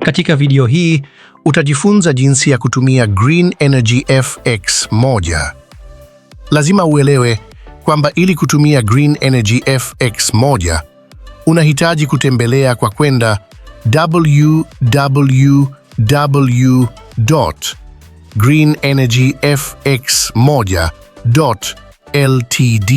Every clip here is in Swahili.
Katika video hii utajifunza jinsi ya kutumia Green Energy FX1. Lazima uelewe kwamba ili kutumia Green Energy FX1 unahitaji kutembelea kwa kwenda www.greenenergyfx1.ltd.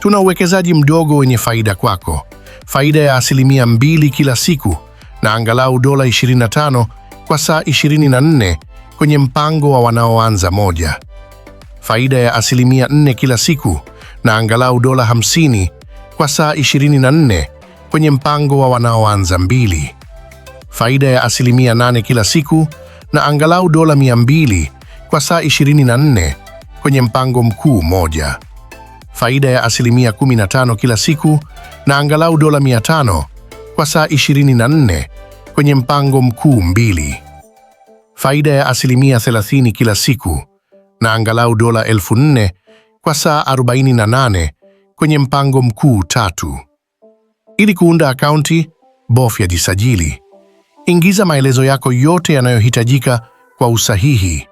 Tuna uwekezaji mdogo wenye faida kwako, faida ya asilimia mbili kila siku na angalau dola 25 kwa saa 24 kwenye mpango wa wanaoanza moja, faida ya asilimia 4 kila siku na angalau dola 50 kwa saa 24 kwenye mpango wa wanaoanza mbili, faida ya asilimia 8 kila siku na angalau dola 200 kwa saa 24 kwenye mpango mkuu moja, faida ya asilimia 15 kila siku na angalau dola 500 kwa saa 24 kwenye mpango mkuu mbili, faida ya asilimia 30 kila siku na angalau dola elfu nne kwa saa 48 kwenye mpango mkuu tatu. Ili kuunda akaunti, bofya jisajili. Ingiza maelezo yako yote yanayohitajika kwa usahihi.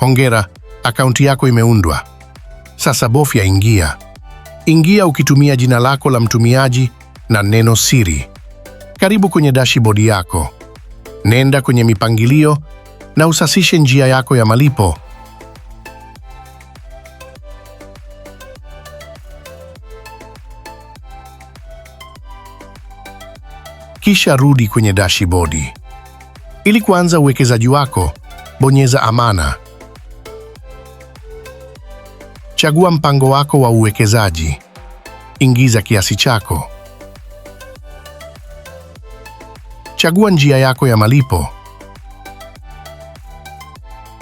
Hongera, akaunti yako imeundwa. Sasa bofya ingia. Ingia ukitumia jina lako la mtumiaji na neno siri. Karibu kwenye dashboard yako. Nenda kwenye mipangilio na usasishe njia yako ya malipo. Kisha rudi kwenye dashboard. Ili kuanza uwekezaji wako, bonyeza amana. Chagua mpango wako wa uwekezaji. Ingiza kiasi chako. Chagua njia yako ya malipo.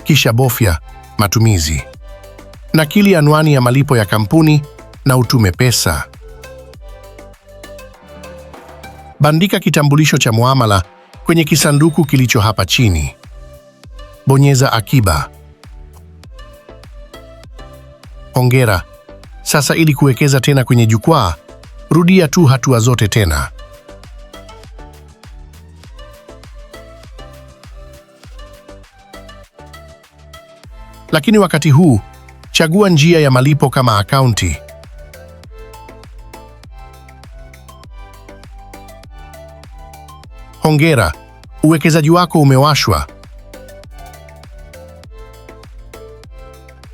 Kisha bofya matumizi. Nakili anwani ya malipo ya kampuni na utume pesa. Bandika kitambulisho cha muamala kwenye kisanduku kilicho hapa chini. Bonyeza akiba. Hongera. Sasa ili kuwekeza tena kwenye jukwaa, rudia tu hatua zote tena. Lakini wakati huu, chagua njia ya malipo kama akaunti. Hongera, uwekezaji wako umewashwa.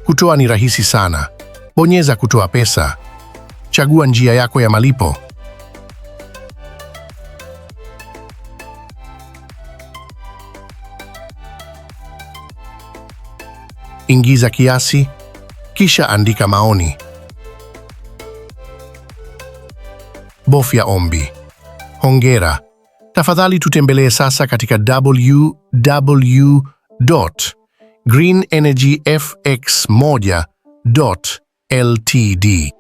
Kutoa ni rahisi sana. Bonyeza kutoa pesa, chagua njia yako ya malipo. Ingiza kiasi, kisha andika maoni. Bofya ombi. Hongera. Tafadhali tutembelee sasa katika www Green Energy FX LTD.